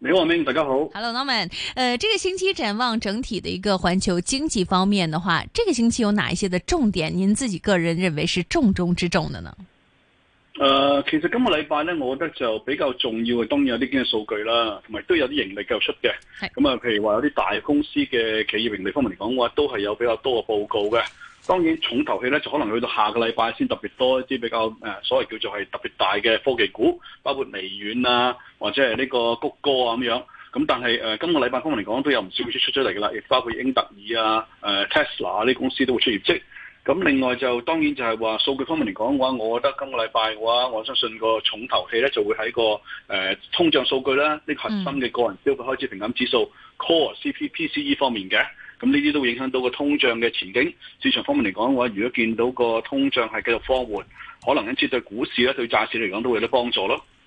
你好阿明，大家好。Hello Norman，誒、呃，這個星期展望整體的一個環球經濟方面的話，這個星期有哪一些的重點？您自己個人認為是重中之重的呢？誒、呃，其實今個禮拜呢，我覺得就比較重要嘅當然有啲經濟數據啦，同埋都有啲盈利嘅出嘅。咁啊是，譬如話有啲大公司嘅企業盈利方面嚟講嘅話，都係有比較多嘅報告嘅。當然重頭戲咧就可能去到下個禮拜先特別多一啲比較誒、呃、所謂叫做係特別大嘅科技股，包括微軟啊，或者係呢個谷歌啊咁樣。咁、嗯、但係誒、呃、今個禮拜方面嚟講都有唔少公司出出嚟㗎啦，亦包括英特爾啊、誒 Tesla 啊，呢公司都會出業績。咁、嗯、另外就當然就係話數據方面嚟講嘅話，我覺得今個禮拜嘅話，我相信個重頭戲咧就會喺個誒、呃、通脹數據啦，呢、這個、核心嘅個人消費開支平感指數、嗯、Core CP PCE 方面嘅。咁呢啲都會影響到個通脹嘅前景，市場方面嚟講嘅話，如果見到個通脹係繼續放緩，可能因此對股市咧、對債市嚟講都會有啲幫助咯。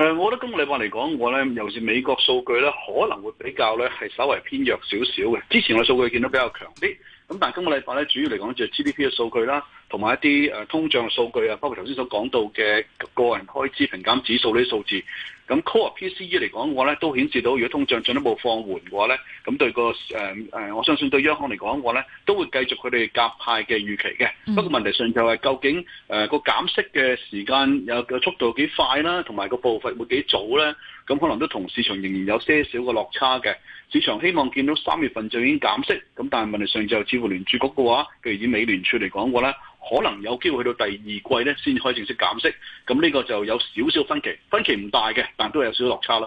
誒，我覺得今個禮拜嚟講，我咧，尤其是美國數據咧，可能會比較咧係稍微偏弱少少嘅。之前我數據見到比較強啲，咁但係今個禮拜咧，主要嚟講就係 GDP 嘅數據啦，同埋一啲誒通脹嘅數據啊，包括頭先所講到嘅個人開支平減指數呢啲數字。咁 core PCE 嚟講嘅話咧，都顯示到如果通脹進一步放緩嘅話咧，咁對個誒、呃、我相信對央行嚟講嘅話咧，都會繼續佢哋夾派嘅預期嘅。嗯、不過問題上就係究竟誒、呃、個減息嘅時間有、呃、個速度幾快啦，同埋個步伐會幾早咧？咁可能都同市場仍然有些少個落差嘅。市場希望見到三月份就已經減息，咁但係問題上就似乎聯儲局嘅話，譬如以美聯儲嚟講嘅話咧。可能有機會去到第二季咧，先可以正式減息。咁呢個就有少少分歧，分歧唔大嘅，但都有少少落差嘞。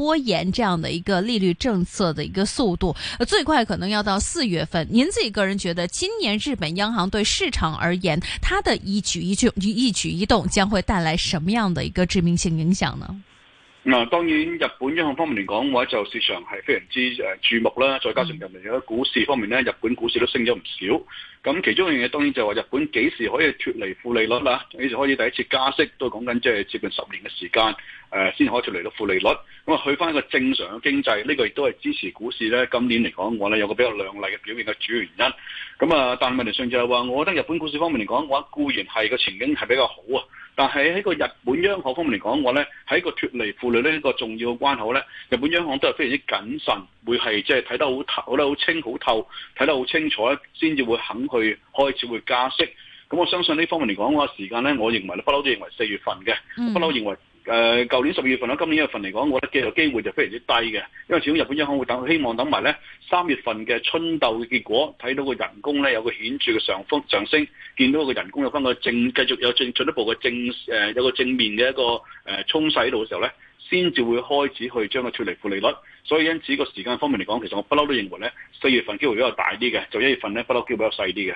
拖延這樣的一個利率政策的一個速度，最快可能要到四月份。您自己個人覺得，今年日本央行對市場而言，它的一舉一就一舉一動將會帶來什麼樣的一個致命性影響呢？嗱，當然，日本央行方面嚟講，話就市場係非常之誒注目啦。再加上人民嘅股市方面呢，日本股市都升咗唔少。咁其中一樣嘢當然就係話日本幾時可以脫離負利率啦，幾時開始第一次加息都講緊，即係接近十年嘅時間，呃、先可以脫離到負利率。咁啊，去翻一個正常嘅經濟，呢、呢個亦都係支持股市咧。今年嚟講我呢咧，有個比較亮麗嘅表現嘅主要原因。咁啊，但問題上就係話，我覺得日本股市方面嚟講我固然係個前景係比較好啊，但係喺個日本央行方面嚟講我呢咧，喺個脫離負利率一個重要嘅關口咧，日本央行都係非常之謹慎，會係即係睇得好透，睇得好清好透，睇得好清楚先至會肯。去開始會加息，咁我相信呢方面嚟講嘅時間咧，我認為不嬲都認為四月份嘅，不嬲、嗯、認為誒舊、呃、年十二月份啦，今年一月份嚟講，我覺得機會就非常之低嘅，因為始終日本央行會等，希望等埋咧三月份嘅春鬥嘅結果，睇到個人工咧有個顯著嘅上幅上升，見到個人工有翻個正，繼續有進進一步嘅正誒，有個正面嘅一個誒沖勢喺度嘅時候咧，先至會開始去將個脫離負利率。所以因此個時間方面嚟講，其實我不嬲都認為咧，四月份機會比較大啲嘅，就一月份咧不嬲機會比較細啲嘅。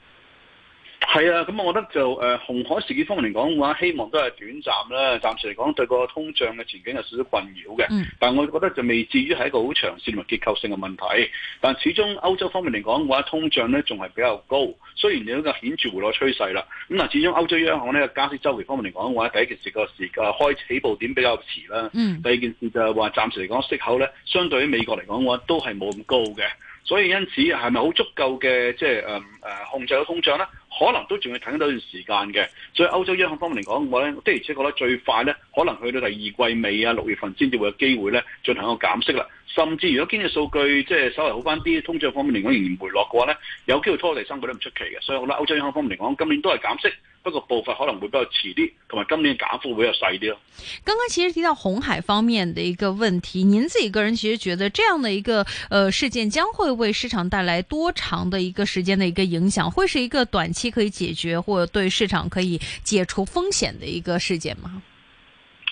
係啊，咁我覺得就誒紅海事件方面嚟講嘅話，希望都係短暫啦。暫時嚟講，對個通脹嘅前景有少少困擾嘅。嗯、但係我覺得就未至於係一個好長線同埋結構性嘅問題。但始終歐洲方面嚟講嘅話，通脹咧仲係比較高。雖然有一個顯著回落趨勢啦。咁嗱，始終歐洲央行呢個加息周期方面嚟講嘅話，第一件事個時啊開起步點比較遲啦。嗯、第二件事就係話暫時嚟講息口咧，相對於美國嚟講嘅話都係冇咁高嘅。所以因此係咪好足夠嘅即係誒誒控制到通脹咧？可能都仲要睇多段時間嘅，所以歐洲央行方面嚟講，我哋的而且確咧最快咧，可能去到第二季尾啊六月份先至會有機會咧進行一個減息啦。甚至如果經濟數據即係稍微好翻啲，通脹方面嚟講仍然回落嘅話咧，有機會拖第三季都唔出奇嘅。所以好啦，歐洲央行方面嚟講，今年都係減息。不過步伐可能會比較遲啲，同埋今年減幅會比較細啲咯。剛剛其實提到紅海方面的一個問題，您自己個人其實覺得這樣的一個呃事件，將會為市場帶來多長嘅一個時間嘅一個影響，會是一個短期可以解決，或者對市場可以解除風險嘅一個事件嗎？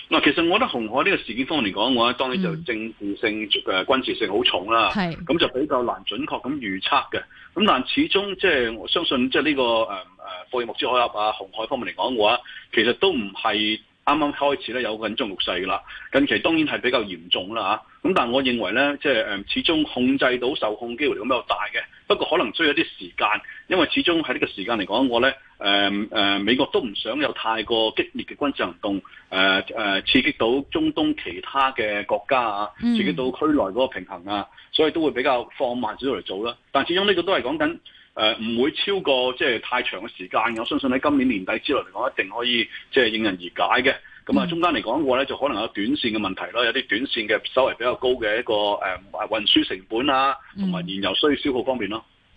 嗱，其實我覺得紅海呢個事件方面嚟講嘅話，當然就政治性、誒軍事性好重啦。係是。咁就比較難準確咁預測嘅。咁但始終即係我相信即係呢、這個、呃誒霍爾木茲海峽啊，紅海方面嚟講嘅話，其實都唔係啱啱開始咧，有緊張局勢嘅啦。近期當然係比較嚴重啦嚇，咁但係我認為咧，即係誒始終控制到受控機會嚟講比較大嘅，不過可能需要一啲時間，因為始終喺呢個時間嚟講，我咧誒誒美國都唔想有太過激烈嘅軍事行動，誒、呃、誒、呃、刺激到中東其他嘅國家啊，刺激到區內嗰個平衡啊，所以都會比較放慢少少嚟做啦。但係始終呢個都係講緊。誒唔、呃、會超過即係太長嘅時間的，我相信喺今年年底之內嚟講，一定可以即係迎刃而解嘅。咁啊，中間嚟講嘅話咧，就可能有短線嘅問題咯，有啲短線嘅稍微比較高嘅一個誒、呃、運輸成本啊，同埋燃油需要消耗方面咯。嗯。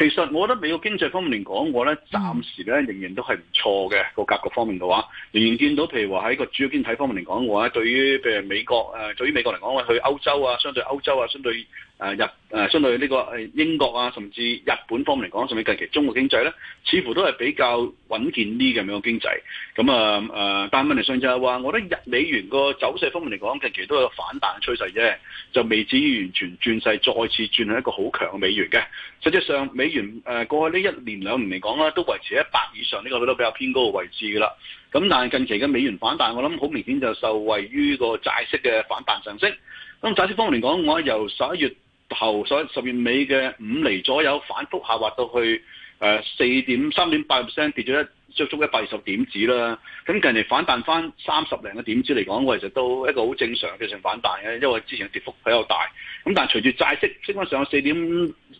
其實，我覺得美國經濟方面嚟講嘅話，我咧暫時咧仍然都係唔錯嘅個格局方面嘅話，仍然見到譬如話喺個主要經濟方面嚟講嘅話，對於譬如美國誒，對於美國嚟講，我去歐洲啊，相對歐洲啊，相對。誒日誒相對呢個誒英國啊，甚至日本方面嚟講，甚至近期中國經濟咧，似乎都係比較穩健啲嘅咁樣經濟。咁啊誒，但係問題上就係話，我覺得日美元個走勢方面嚟講，近期都有個反彈嘅趨勢啫，就未至於完全轉勢，再次轉向一個好強嘅美元嘅。實際上美元誒、呃、過去呢一年兩年嚟講咧，都維持喺一百以上呢個都比較偏高嘅位置噶啦。咁但係近期嘅美元反彈，我諗好明顯就受惠於個債息嘅反彈上升。咁債息方面嚟講，我由十一月。後所以十月尾嘅五厘左右反覆下滑到去誒四點、三點、八 percent 跌咗一即足足一百二十點子啦，咁近嚟反彈翻三十零個點子嚟講，我哋就都一個好正常嘅上反彈嘅，因為之前跌幅比較大。咁但係隨住債息升翻上去四點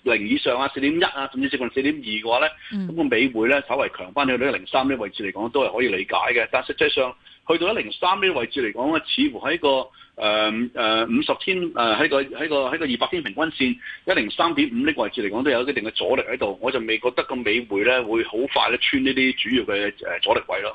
零以上啊，四點一啊，甚至接近四點二嘅話咧，咁個、嗯、美匯咧稍為強翻去到一零三呢個位置嚟講都係可以理解嘅。但實際上去到一零三呢個位置嚟講咧，似乎喺個誒誒五十天誒喺、呃、個喺個喺個二百天平均線一零三點五呢個位置嚟講都有一定嘅阻力喺度，我就未覺得個美匯咧會好快咧穿呢啲主要嘅誒阻力位咯。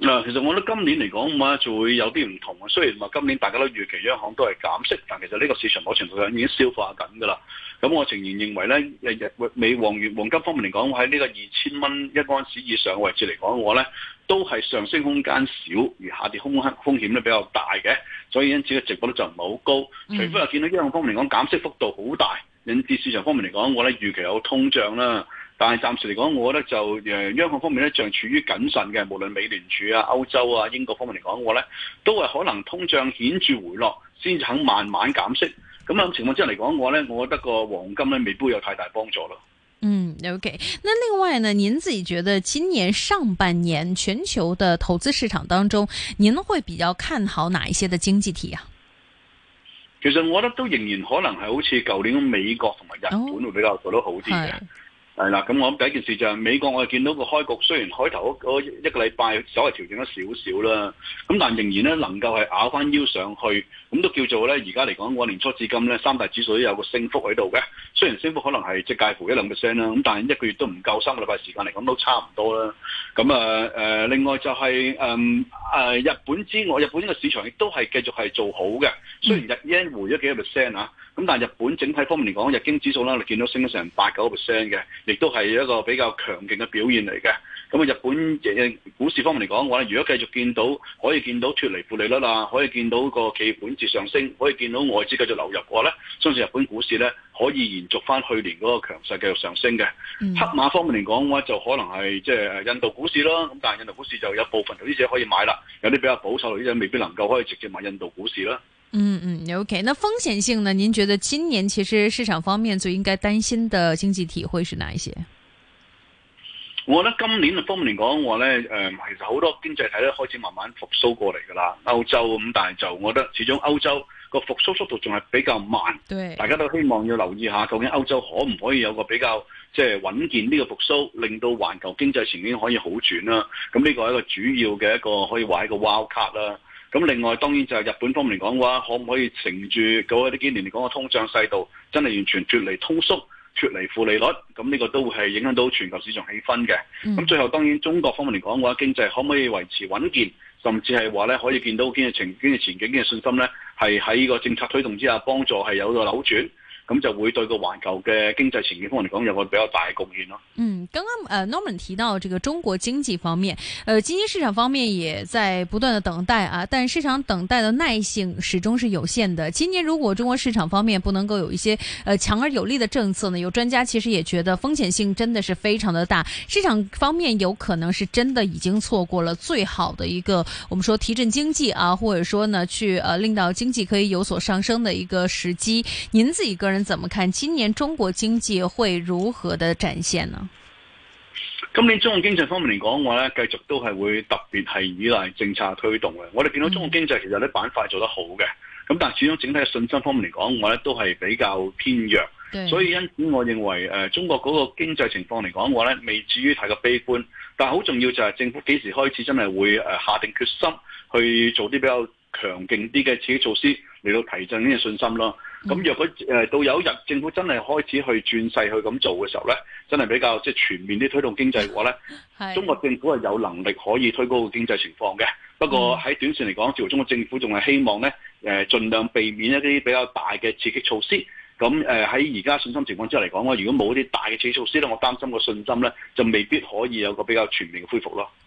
嗱，其實我覺得今年嚟講咁啊，就會有啲唔同啊。雖然話今年大家都預期央行都係減息，但其實呢個市場某程度上已經消化緊㗎啦。咁我仍然認為咧，日日美黃月黃金方面嚟講，喺呢個二千蚊一盎司以上嘅位置嚟講我呢，我咧都係上升空間少，而下跌空黑風險咧比較大嘅。所以因此嘅值博率就唔係好高。除非又見到央行方面嚟講減息幅度好大，引致市場方面嚟講，我咧預期有通脹啦。但係暫時嚟講，我覺得就誒，央行方，方面咧，尚處於謹慎嘅。無論美聯儲啊、歐洲啊、英國方面嚟講，我咧都係可能通脹顯著回落先至肯慢慢減息。咁樣情況之下嚟講，我咧，我覺得個黃金咧未必會有太大幫助咯。嗯，OK。那另外呢，您自己覺得今年上半年全球嘅投資市場當中，您會比較看好哪一些的經濟體啊？其實我覺得都仍然可能係好似舊年美國同埋日本會比較做得好啲嘅。哦係啦，咁我諗第一件事就係美國，我哋見到個開局雖然開頭一個禮拜稍微調整咗少少啦，咁但仍然咧能夠係咬翻腰上去，咁都叫做咧而家嚟講，我年初至今咧三大指數都有個升幅喺度嘅，雖然升幅可能係即介乎一兩 percent 啦，咁但係一個月都唔夠三個禮拜時間嚟講都差唔多啦。咁啊誒，另外就係誒誒日本之外，日本呢個市場亦都係繼續係做好嘅，雖然日 y 回咗幾多 percent 啊，咁但係日本整體方面嚟講，日經指數啦，你見到升咗成八九 percent 嘅。亦都係一個比較強勁嘅表現嚟嘅。咁啊，日本股市方面嚟講，嘅話如果繼續見到可以見到脫離負利率啦，可以見到個企業本質上升，可以見到外資繼續流入嘅話咧，相信日本股市咧可以延續翻去年嗰個強勢繼續上升嘅。嗯、黑馬方面嚟講，嘅話就可能係即係印度股市囉。咁但印度股市就有部分有啲嘢可以買啦，有啲比較保守啲嘢未必能夠可以直接買印度股市啦。嗯嗯，OK。那風險性呢？您覺得今年其實市場方面最應該擔心的經濟體會是哪一些？我覺得今年方面嚟講，我呢誒，其實好多經濟體都開始慢慢復蘇過嚟噶啦。歐洲咁，但係就我覺得始終歐洲個復蘇速度仲係比較慢。對，大家都希望要留意一下究竟歐洲可唔可以有個比較即係穩健呢個復蘇，令到環球經濟前景可以好轉啦。咁呢個係一個主要嘅一個可以話一個 wild card 啦。咁另外當然就係日本方面嚟講嘅話，可唔可以承住嗰啲幾年嚟講嘅通脹細度，真係完全脫離通縮、脫離負利率，咁呢個都會係影響到全球市場氣氛嘅。咁、嗯、最後當然中國方面嚟講嘅話，經濟可唔可以維持穩健，甚至係話咧可以見到經濟情、經濟前景嘅信心咧，係喺呢個政策推動之下幫助係有個扭轉。咁就會對個環球嘅經濟前景方面嚟講有個比較大嘅貢獻咯。嗯，剛剛誒 Norman 提到這個中國經濟方面，誒經濟市場方面也在不斷的等待啊，但市場等待的耐性始終是有限的。今年如果中國市場方面不能夠有一些誒強、呃、而有力的政策呢，有專家其實也覺得風險性真的是非常的大，市場方面有可能是真的已經錯過了最好的一個我們說提振經濟啊，或者說呢去誒、呃、令到經濟可以有所上升的一個時機。您自己個人人怎麼看今年中國經濟會如何的展現呢？今年中國經濟方面嚟講，我咧繼續都係會特別係依賴政策的推動嘅。我哋見到中國經濟其實啲板塊做得好嘅，咁、嗯、但係始終整體嘅信心方面嚟講，我咧都係比較偏弱。對所以因此，我認為誒、呃，中國嗰個經濟情況嚟講，我咧未至於太過悲觀。但係好重要就係政府幾時開始真係會誒下定決心去做啲比較強勁啲嘅刺激措施嚟到提振呢個信心咯。咁、嗯、若果到有一日政府真係開始去轉勢，去咁做嘅時候咧，真係比較即係、就是、全面啲推動經濟嘅話，咧是，中國政府係有能力可以推高個經濟情況嘅。不過喺短線嚟講，似乎中國政府仲係希望咧誒盡量避免一啲比較大嘅刺激措施。咁誒喺而家信心情況之下嚟講，咧，如果冇一啲大嘅刺激措施咧，我擔心個信心咧就未必可以有個比較全面嘅恢復咯。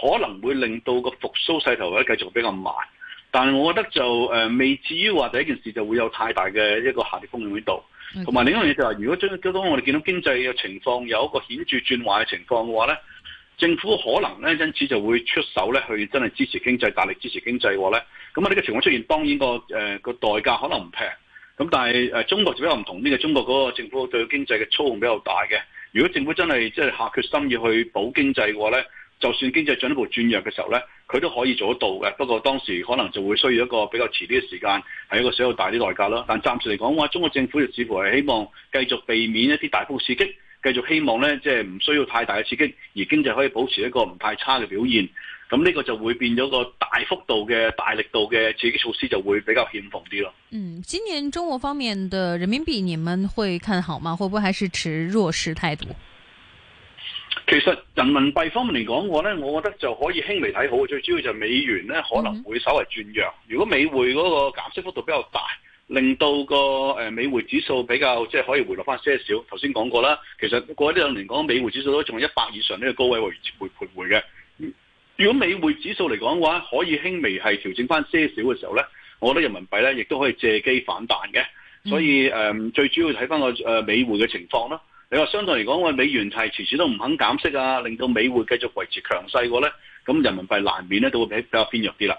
可能會令到個復甦勢頭咧繼續比較慢，但係我覺得就誒、呃、未至於話第一件事就會有太大嘅一個下跌風險喺度、mm。同、hmm，埋另一樣嘢就係，如果將當我哋見到經濟嘅情況有一個顯著轉壞嘅情況嘅話咧，政府可能咧因此就會出手咧去真係支持經濟、大力支持經濟嘅話咧。咁啊，呢個情況出現，當然、那個誒個、呃、代價可能唔平。咁但係中國就比較唔同，呢個中國嗰個政府對經濟嘅操控比較大嘅。如果政府真係即係下決心要去補經濟嘅話咧，就算經濟進一步轉弱嘅時候呢，佢都可以做得到嘅。不過當時可能就會需要一個比較遲啲嘅時間，係一個需要大啲代價咯。但暫時嚟講，我話中國政府就似乎係希望繼續避免一啲大幅刺激，繼續希望呢，即係唔需要太大嘅刺激，而經濟可以保持一個唔太差嘅表現。咁呢個就會變咗個大幅度嘅大力度嘅刺激措施就會比較欠奉啲咯。嗯，今年中國方面的人民幣，你們會看好嗎？會不會還是持弱勢態度？其實人民幣方面嚟講，我咧，我覺得就可以輕微睇好。最主要就係美元咧可能會稍為轉弱。如果美匯嗰個減息幅度比較大，令到個誒美匯指數比較即係、就是、可以回落翻些少。頭先講過啦，其實過一呢兩年講美匯指數都仲有一百以上呢個高位回回徘徊嘅。如果美匯指數嚟講嘅話，可以輕微係調整翻些少嘅時候咧，我覺得人民幣咧亦都可以借機反彈嘅。所以誒，嗯、最主要睇翻個誒美匯嘅情況啦。你話相對嚟講，我美元係遲遲都唔肯減息啊，令到美匯繼續維持強勢個、啊、咧，咁人民幣難免咧都會比比較偏弱啲啦。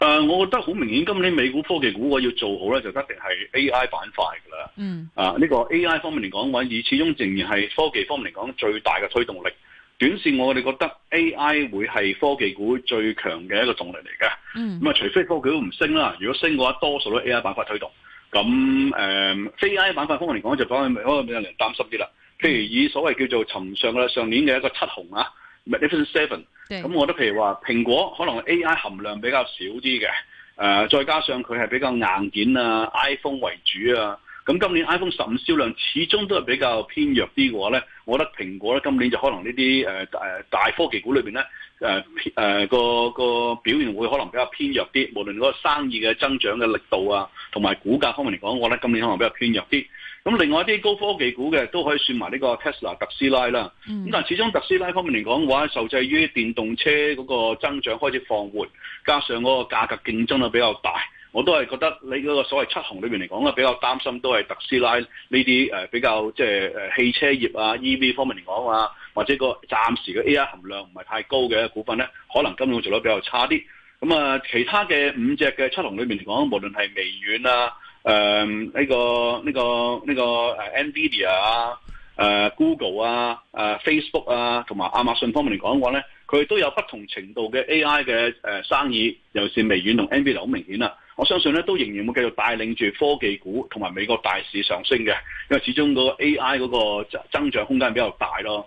誒，uh, 我覺得好明顯，今年美股科技股我要做好咧，就一定係 A I 板塊噶啦。嗯。啊，呢個 A I 方面嚟講，話以始終仍然係科技方面嚟講最大嘅推動力。短線我哋覺得 A I 會係科技股最強嘅一個動力嚟㗎。嗯。咁啊，除非科技股唔升啦，如果升嘅話，多數都 A I 板塊推動。咁誒、呃，非 A I 板塊方面嚟講，就反而可能比較令人擔心啲啦。譬如以所謂叫做沉上嘅上年嘅一個七雄啊 Magnificent Seven。咁我覺得，譬如話蘋果可能 AI 含量比較少啲嘅、呃，再加上佢係比較硬件啊 iPhone 為主啊，咁今年 iPhone 十五銷量始終都係比較偏弱啲嘅話咧，我覺得蘋果咧今年就可能呢啲誒誒大科技股裏面咧誒誒個個表現會可能比較偏弱啲，無論嗰個生意嘅增長嘅力度啊，同埋股價方面嚟講，我覺得今年可能比較偏弱啲。咁另外一啲高科技股嘅都可以算埋呢個 Tesla 特斯拉啦。咁、嗯、但始終特斯拉方面嚟講嘅話，受制於電動車嗰個增長開始放緩，加上嗰個價格競爭啊比較大，我都係覺得你嗰個所謂七雄裏面嚟講咧，比較擔心都係特斯拉呢啲誒比較即係誒汽車業啊 EV 方面嚟講啊，或者個暫時嘅 AI 含量唔係太高嘅股份咧，可能今年會做得比較差啲。咁啊，其他嘅五隻嘅七雄裏面嚟講，無論係微軟啊，誒，呢、um, 呢個呢、呢個呢、呢個誒，Nvidia 啊，誒、啊、Google 啊，誒、啊、Facebook 啊，同埋亞馬遜方面嚟講嘅話咧，佢都有不同程度嘅 A I 嘅誒生意，尤其是微軟同 Nvidia 好明顯啦。我相信咧都仍然會繼續帶領住科技股同埋美國大市上升嘅，因為始終個 A I 嗰個增長空間比較大咯。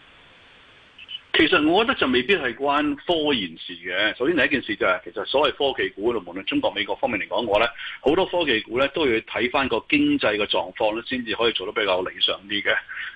其實我覺得就未必係關科研事嘅。首先第一件事就係、是，其實所謂科技股咧，無論中國美國方面嚟講，我咧好多科技股咧都要睇返個經濟嘅狀況咧，先至可以做得比較理想啲嘅。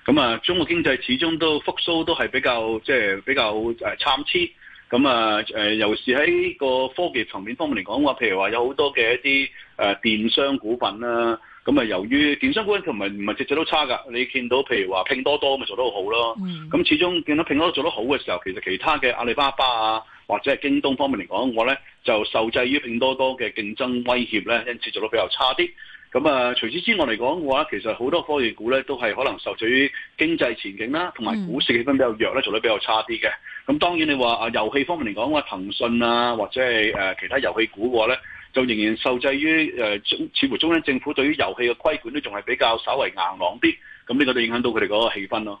咁、嗯、啊，中國經濟始終都復甦都係比較即係比較誒參差。咁、嗯、啊尤其是喺個科技層面方面嚟講嘅話，譬如話有好多嘅一啲誒電商股份啦。咁啊，由於電商股同埋唔係唔係隻隻都差噶。你見到譬如話拼多多，咪做得好好咯。咁、mm. 始終見到拼多多做得好嘅時候，其實其他嘅阿里巴巴啊，或者係京東方面嚟講，我咧就受制於拼多多嘅競爭威脅咧，因此做得比較差啲。咁啊，除此之外嚟講，我覺得其實好多科技股咧，都係可能受制於經濟前景啦，同埋股市氣氛比較弱咧，mm. 做得比較差啲嘅。咁當然你話啊遊戲方面嚟講嘅騰訊啊，或者係、啊、其他遊戲股嘅話咧。就仍然受制於誒、呃，似乎中央政府對於遊戲嘅規管都仲係比較稍微硬朗啲，咁呢個就影響到佢哋嗰個氣氛咯。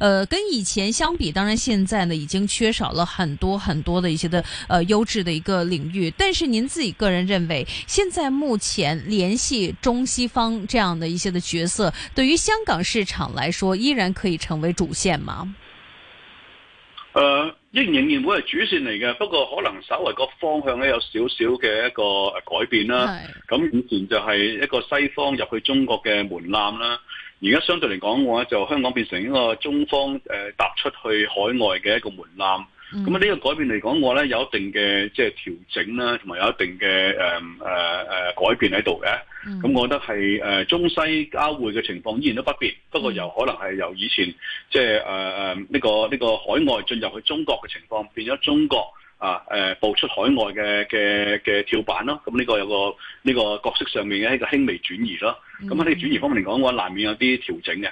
呃，跟以前相比，當然現在呢，已經缺少了很多很多的一些的呃優質的一個領域。但是，您自己個人認為，現在目前聯繫中西方這樣的一些的角色，對於香港市場來說，依然可以成為主線嗎？呃，仍然會係主線嚟嘅，不過可能稍微個方向呢有少少嘅一個改變啦。咁是以前就係一個西方入去中國嘅門檻啦。而家相對嚟講，嘅話就香港變成一個中方誒、呃、踏出去海外嘅一個門檻。咁啊，呢個改變嚟講，我咧有一定嘅即係調整啦，同埋有一定嘅誒、呃呃、改變喺度嘅。咁我覺得係誒、呃、中西交匯嘅情況依然都不變，不過由可能係由以前即係誒誒呢個呢、呢個海外進入去中國嘅情況，變咗中國。啊，誒、呃，步出海外嘅嘅嘅跳板咯，咁呢個有個呢個角色上面嘅一個輕微轉移咯，咁喺呢轉移方面嚟講嘅話，難免有啲調整嘅。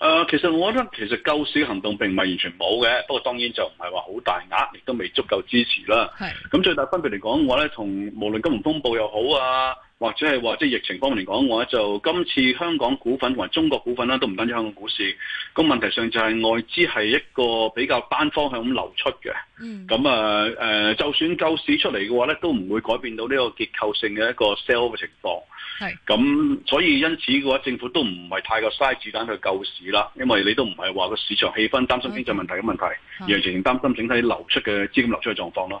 誒、呃，其實我覺得其實救市行動並唔係完全冇嘅，不過當然就唔係話好大額，亦都未足夠支持啦。係咁的最大分別嚟講，我咧同無論金融風暴又好啊，或者係話即疫情方面嚟講嘅話，就今次香港股份同埋中國股份啦，都唔單止香港股市。咁問題上就係外資係一個比較單方向咁流出嘅。嗯。咁啊誒、呃，就算救市出嚟嘅話咧，都唔會改變到呢個結構性嘅一個 sell 嘅情況。係，咁是所以因此嘅話，政府都唔係太過嘥子彈去救市啦，因為你都唔係話個市場氣氛擔心經濟問題嘅問題，是而係全擔心整體流出嘅資金流出嘅狀況咯。